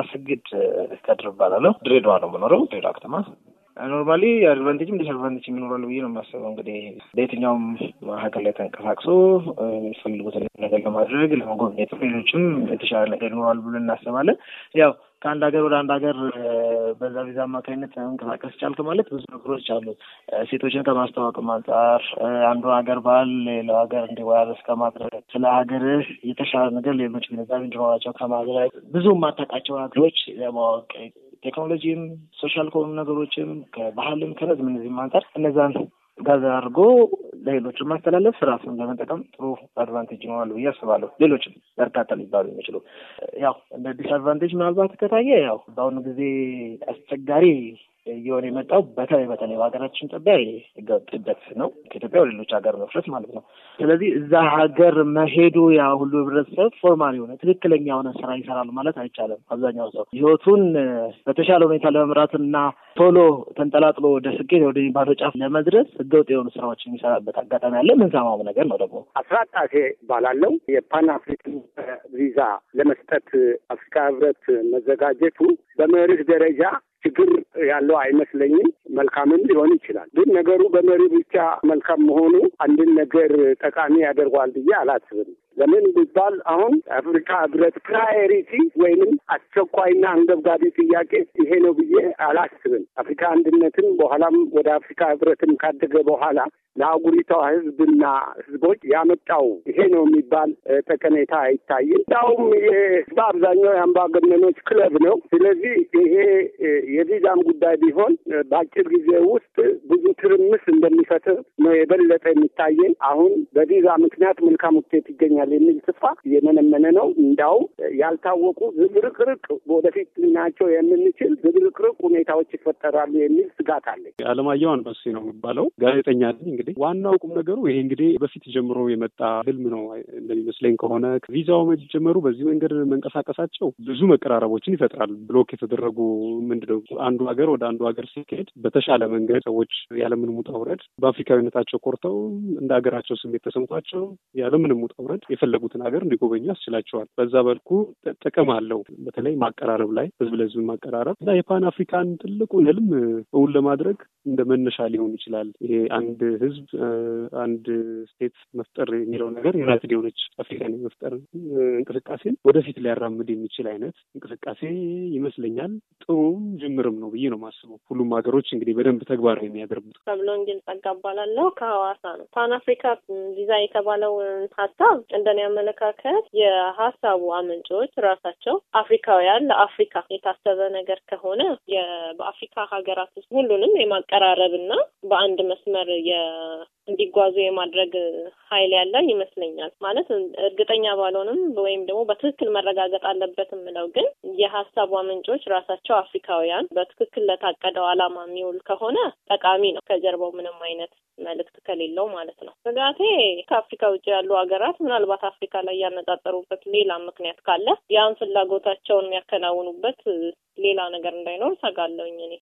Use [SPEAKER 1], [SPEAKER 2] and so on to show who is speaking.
[SPEAKER 1] አስግድ ከድር እባላለሁ። ድሬዳዋ ነው የምኖረው፣ ድሬዳዋ ከተማ ኖርማሊ አድቫንቴጅም ዲስአድቫንቴጅ የሚኖራሉ ብዬ ነው የማስበው። እንግዲህ በየትኛውም ሀገር ላይ ተንቀሳቅሶ የሚፈልጉትን ነገር ለማድረግ ለመጎብኘትም፣ ሌሎችም የተሻለ ነገር ይኖራሉ ብለን እናስባለን። ያው ከአንድ ሀገር ወደ አንድ ሀገር በዛ ቪዛ አማካኝነት መንቀሳቀስ ቻልክ ማለት ብዙ ነገሮች አሉ። ሴቶችን ከማስተዋወቅም አንጻር አንዱ ሀገር ባህል ሌላው ሀገር እንዲወራረስ ከማድረግ ስለ ሀገርህ የተሻለ ነገር ሌሎች ግንዛቤ እንዲኖራቸው ከማድረግ ብዙ የማታውቃቸው ሀገሮች ለማወቅ ቴክኖሎጂም ሶሻል ከሆኑ ነገሮችም ከባህልም ከነዚ ምንዚህም አንጻር እነዛን ጋዛ አድርጎ ለሌሎችን ማስተላለፍ ስራሱን ለመጠቀም ጥሩ አድቫንቴጅ ይኖራሉ ብዬ አስባለሁ። ሌሎችም በርካታ ሊባሉ የሚችሉ ያው እንደ ዲስአድቫንቴጅ ምናልባት ከታየ ያው በአሁኑ ጊዜ አስቸጋሪ እየሆነ የመጣው በተለይ በተለይ በሀገራችን ኢትዮጵያ ህገወጥበት ነው። ከኢትዮጵያ ሌሎች ሀገር መፍረስ ማለት ነው። ስለዚህ እዛ ሀገር መሄዱ ያ ሁሉ ህብረተሰብ ፎርማል የሆነ ትክክለኛ የሆነ ስራ ይሰራል ማለት አይቻልም። አብዛኛው ሰው ህይወቱን በተሻለ ሁኔታ ለመምራትና ቶሎ ተንጠላጥሎ ወደ ስኬት ወደሚባለው ጫፍ ለመድረስ ህገወጥ የሆኑ ስራዎች የሚሰራበት አጋጣሚ ያለ ምንሰማው ነገር ነው። ደግሞ
[SPEAKER 2] አስራት ጣሴ ባላለው የፓን አፍሪካን ቪዛ ለመስጠት አፍሪካ ህብረት መዘጋጀቱ በመርህ ደረጃ ችግር ያለው አይመስለኝም። መልካምም ሊሆን ይችላል። ግን ነገሩ በመሪ ብቻ መልካም መሆኑ አንድን ነገር ጠቃሚ ያደርገዋል ብዬ አላስብም። ለምን ቢባል አሁን አፍሪካ ህብረት ፕራዮሪቲ ወይንም አስቸኳይና አንገብጋቢ ጥያቄ ይሄ ነው ብዬ አላስብም። አፍሪካ አንድነትን በኋላም ወደ አፍሪካ ህብረትም ካደገ በኋላ ለአህጉሪቷ ህዝብና ህዝቦች ያመጣው ይሄ ነው የሚባል ጠቀሜታ አይታይም። ያውም የህዝብ አብዛኛው የአምባገነኖች ክለብ ነው። ስለዚህ ይሄ የቪዛም ጉዳይ ቢሆን በአጭር ጊዜ ውስጥ ብዙ ትርምስ እንደሚፈጥር ነው የበለጠ የሚታየን አሁን በቪዛ ምክንያት መልካም ውጤት ይገኛል ይቻላል የሚል ስፋ የመነመነ ነው። እንዳውም ያልታወቁ ዝብርቅርቅ ወደፊት ልናቸው የምንችል ዝብርቅርቅ ሁኔታዎች ይፈጠራሉ የሚል ስጋት አለ።
[SPEAKER 3] አለማየሁ አንበሴ ነው የሚባለው ጋዜጠኛ ነኝ። እንግዲህ ዋናው ቁም ነገሩ ይሄ እንግዲህ በፊት ጀምሮ የመጣ ህልም ነው እንደሚመስለኝ ከሆነ ቪዛው መጀመሩ በዚህ መንገድ መንቀሳቀሳቸው ብዙ መቀራረቦችን ይፈጥራል። ብሎክ የተደረጉ ምንድነው አንዱ ሀገር ወደ አንዱ ሀገር ሲካሄድ በተሻለ መንገድ ሰዎች ያለምንም ውጣ ውረድ በአፍሪካዊነታቸው ኮርተው እንደ ሀገራቸው ስሜት ተሰምቷቸው ያለምንም ውጣ ውረድ የፈለጉትን ሀገር እንዲጎበኙ ያስችላቸዋል። በዛ በልኩ ጥቅም አለው። በተለይ ማቀራረብ ላይ ህዝብ ለህዝብ ማቀራረብ እና የፓን አፍሪካን ትልቁን ህልም እውን ለማድረግ እንደ መነሻ ሊሆን ይችላል። ይሄ አንድ ህዝብ አንድ ስቴት መፍጠር የሚለው ነገር ዩናይትድ የሆነች አፍሪካን የመፍጠር እንቅስቃሴን ወደፊት ሊያራምድ የሚችል አይነት እንቅስቃሴ ይመስለኛል። ጥሩም ጅምርም ነው ብዬ ነው የማስበው። ሁሉም ሀገሮች እንግዲህ በደንብ ተግባራዊ የሚያደርጉት
[SPEAKER 4] ሰብሎን ግን ጸጋ እባላለሁ ከሀዋሳ ነው። ፓን አፍሪካ ቪዛ የተባለውን ሀሳብ እንደኔ አመለካከት የሀሳቡ አመንጮች ራሳቸው አፍሪካውያን ለአፍሪካ የታሰበ ነገር ከሆነ በአፍሪካ ሀገራት ውስጥ ሁሉንም የማቀራረብ እና በአንድ መስመር እንዲጓዙ የማድረግ ኃይል ያለ ይመስለኛል። ማለት እርግጠኛ ባልሆንም ወይም ደግሞ በትክክል መረጋገጥ አለበት የምለው ግን የሀሳቧ ምንጮች ራሳቸው አፍሪካውያን በትክክል ለታቀደው ዓላማ የሚውል ከሆነ ጠቃሚ ነው፣ ከጀርባው ምንም አይነት መልእክት ከሌለው ማለት ነው። ስጋቴ ከአፍሪካ ውጭ ያሉ ሀገራት ምናልባት አፍሪካ ላይ ያነጣጠሩበት ሌላ ምክንያት ካለ ያን ፍላጎታቸውን የሚያከናውኑበት ሌላ ነገር እንዳይኖር ሰጋለውኝ እኔ።